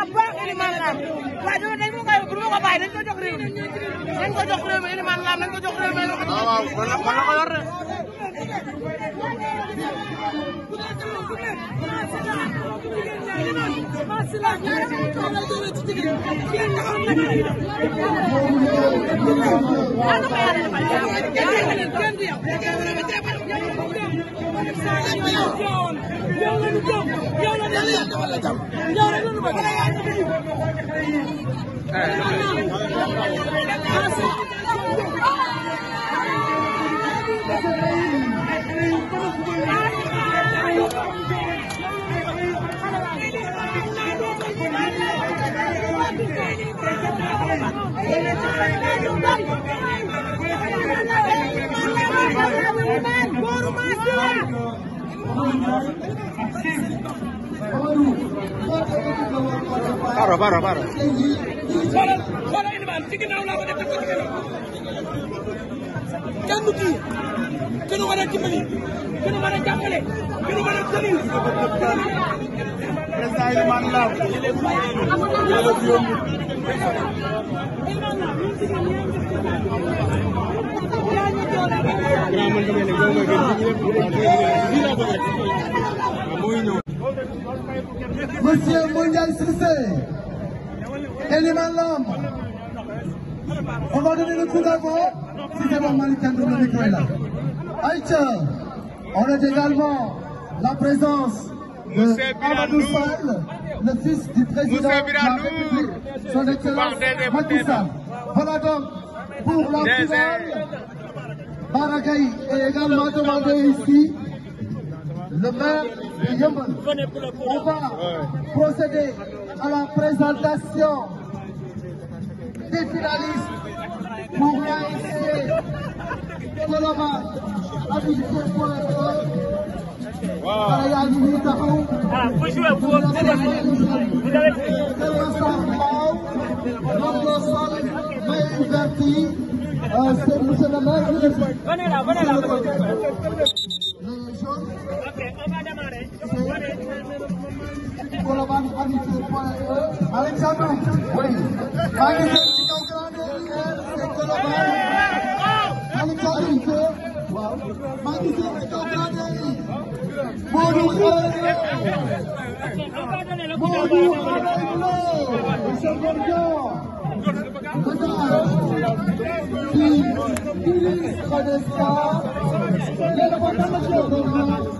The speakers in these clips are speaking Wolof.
naa baax Elimane Lam waaye dama dañ ma koy bu ma ko bàyyi dañ ko jox réew mi dañ ko jox réew mi Elimane Lam dañ ko jox réew mi ah, waaw waaw man la man la ko yor de yow la ñu gëm yow la ñu gëm yow la ñu gëm yow la ñu gëm yow la ñu gëm Bara bara bara. xoolal xoolal indi baal ci ginnaaw laa ko def ko ci ginnaaw. kenn du kii kenn mën a dimbali kenn mën a jàppale kenn mën a jëli. président Elimane Lam yàlla bu yomb. grand man fi may ne góob nga gën Monsieur Mondial Sissé, Eliman Lam. On va donner le coup d'avant. Si c'est bon, Malikando, le micro est là. Aïcha, on est également la présence de Amadou Fall, le fils du président de la République, son excellence Macky Sall. Voilà donc pour la finale. Baragaï est également demandé ici. le maire de Yeumbeul. On va procéder à la présentation des finalistes pour l'ASC Colobane Amitié Point E. Xale yaa ngi nii taxaw. Voilà, Ok, on va démarrer. Colobane Amitié point E. Alexandre, oui. maa ngi seet ci kaw grande yi waaw maa ngi seet ci kaw grande yi. Modou Xale Modou Xale Lo. Dakar.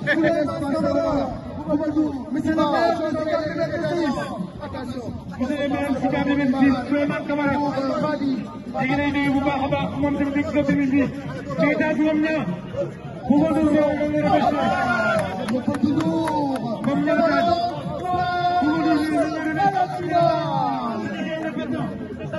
Monsieur le maire, Sicap Liberté 6 Souleymane Camara léegi lay nuyu bu baax a baax moom tamit di Sicap Liberté 6 léegi daal juróom ñaar bu ko doon ñëw moom ñaar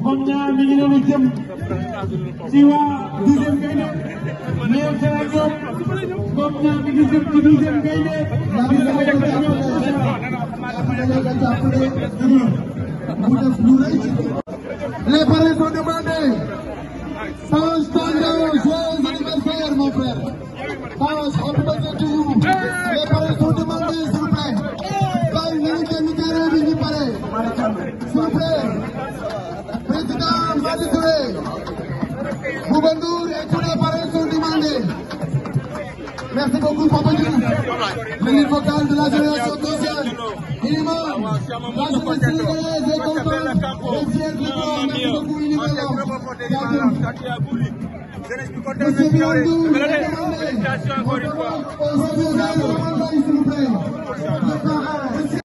moom ñaar mi ngi doon jëm ci waa douzième gaynde néew ca ak ñoom moom ñaar mi ngi jëm ci douzième gaynde les parents sont demandés Paos Pando joyeux anniversaire mon frère Paos Boubandour et tous les parrains sont demandés. Merci beaucoup, Papa Diouf. L'élite vocale de la génération sociale. Inima, la jeunesse sénégalaise est contente. Le siècle est content. Merci beaucoup, Inima. Monsieur Boubandour, il est demandé. On peut voir au secrétaire de l'Assemblée, s'il vous plaît. Le parrain, monsieur.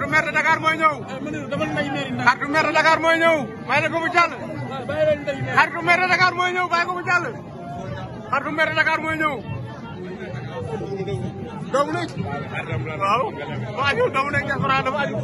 artu maire de Dakar mooy ñëw. artu ah, maire de Dakar mooy ñëw. bàyyi leen ko mu jàll. artu ah, maire de Dakar mooy ñëw bàyyi ko mu jàll. artu maire de Dakar mooy ñëw. doomu nekk. waaw. dafa aju doomu nekk Diaspora dafa aju.